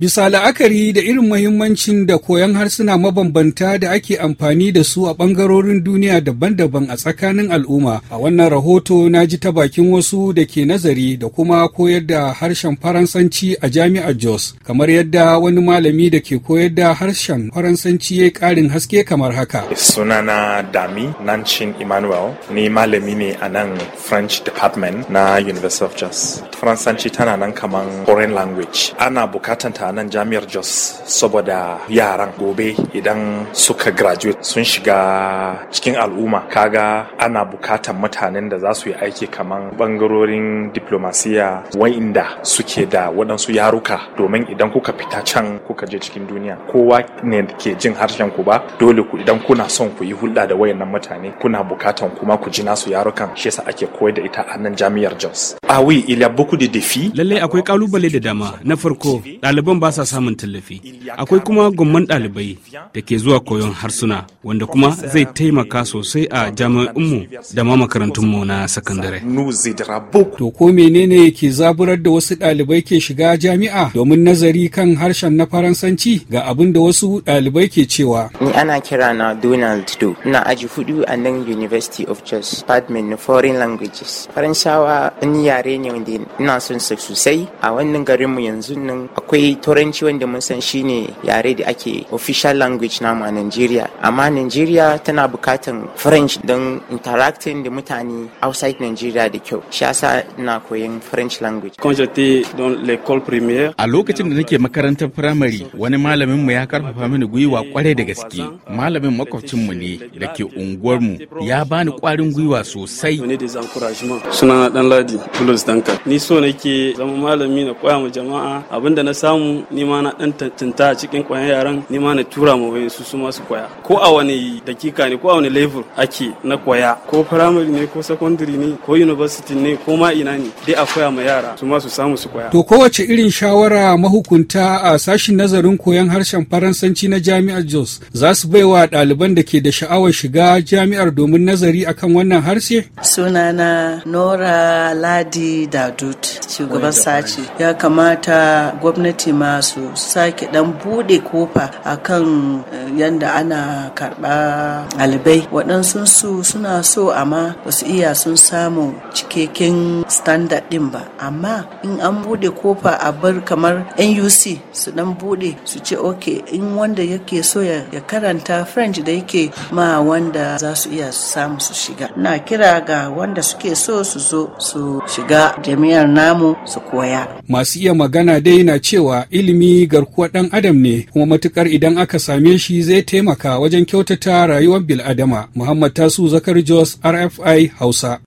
Bisa la'akari da irin mahimmancin da koyon harsuna mabambanta da ake amfani da su a ɓangarorin duniya daban-daban a tsakanin al'umma, a wannan rahoto na ji ta bakin wasu da ke nazari da kuma koyar da harshen Faransanci a jami'ar Jos, kamar yadda wani malami da ke koyar da harshen Faransanci ya ƙarin haske kamar haka. Sunana Dami Nancin Emmanuel, ni malami ne a nan French Department na University of Jos. Faransanci tana nan kamar foreign language. Ana bukatanta anan jami'ar Jos saboda yaran gobe idan suka graduate sun shiga cikin al'umma kaga ana bukatan mutanen da za su yi aiki kaman bangarorin diplomasiya wa'inda suke da waɗansu yaruka domin idan kuka fita can kuka je cikin duniya kowa ne ke jin harshen ku ba dole ku idan kuna son ku yi hulɗa da wayannan mutane kuna bukatan kuma ku ji nasu yarukan shi yasa ake koyar da ita a nan jami'ar Jos. awi ila il Lallai akwai kalubale da dama. Na farko, ɗaliban yaran ba sa samun tallafi akwai kuma gomman ɗalibai da ke zuwa koyon harsuna wanda kuma zai taimaka sosai a jami'inmu da ma makarantunmu na sakandare to ko menene ke zaburar da wasu ɗalibai ke shiga jami'a domin nazari kan harshen na faransanci ga abin da wasu ɗalibai ke cewa ni ana kira na donald do na aji hudu a nan university of jos department of foreign languages faransawa ni yare ne wanda ina son sosai a wannan garinmu yanzu nan akwai turanci wanda mun san shine yare da ake official language na a Nigeria amma Nigeria tana bukatan French don interacting da mutane outside Nigeria da kyau shi na ina koyon French language quand j'étais dans a lokacin da nake makarantar primary wani malamin mu ya karfafa mini gwiwa kwarai da gaske malamin makwabcin mu ne da ke unguwar mu ya bani kwarin gwiwa sosai suna dan ladi plus Danka ni so nake zama malami na koya ma jama'a abinda na samu na dan a cikin kwayan yaran ni na tura ma wayan su su ma su koya ko a wani dakika ne ko a wani level ake na koya ko primary ne ko secondary ne ko university ne ko ma ina ne dai a koya ma yara su ma su samu su koya to kowace irin shawara mahukunta a sashin nazarin koyan harshen faransanci na jami'ar Jos za su baiwa ɗaliban da ke da sha'awar shiga jami'ar domin nazari akan wannan harshe sunana Nora Ladi Dadut shugaban sace ya kamata gwamnati ma masu su sake dan bude kofa akan eh, yanda ana karba albai waɗansu su suna so amma ba su iya sun samu cikakken standard din ba amma in an bude kofa a bar kamar nuc su dan bude su ce ok in wanda yake so ya karanta french da yake ma wanda za su iya samu su shiga na kira ga wanda suke so su zo su shiga jami'ar namu su koya masu iya magana dai na cewa ilimi garkuwa ɗan adam ne kuma matukar idan aka same shi zai taimaka wajen kyautata rayuwar bil'adama. Muhammad Tasu Zakar Jos RFI Hausa.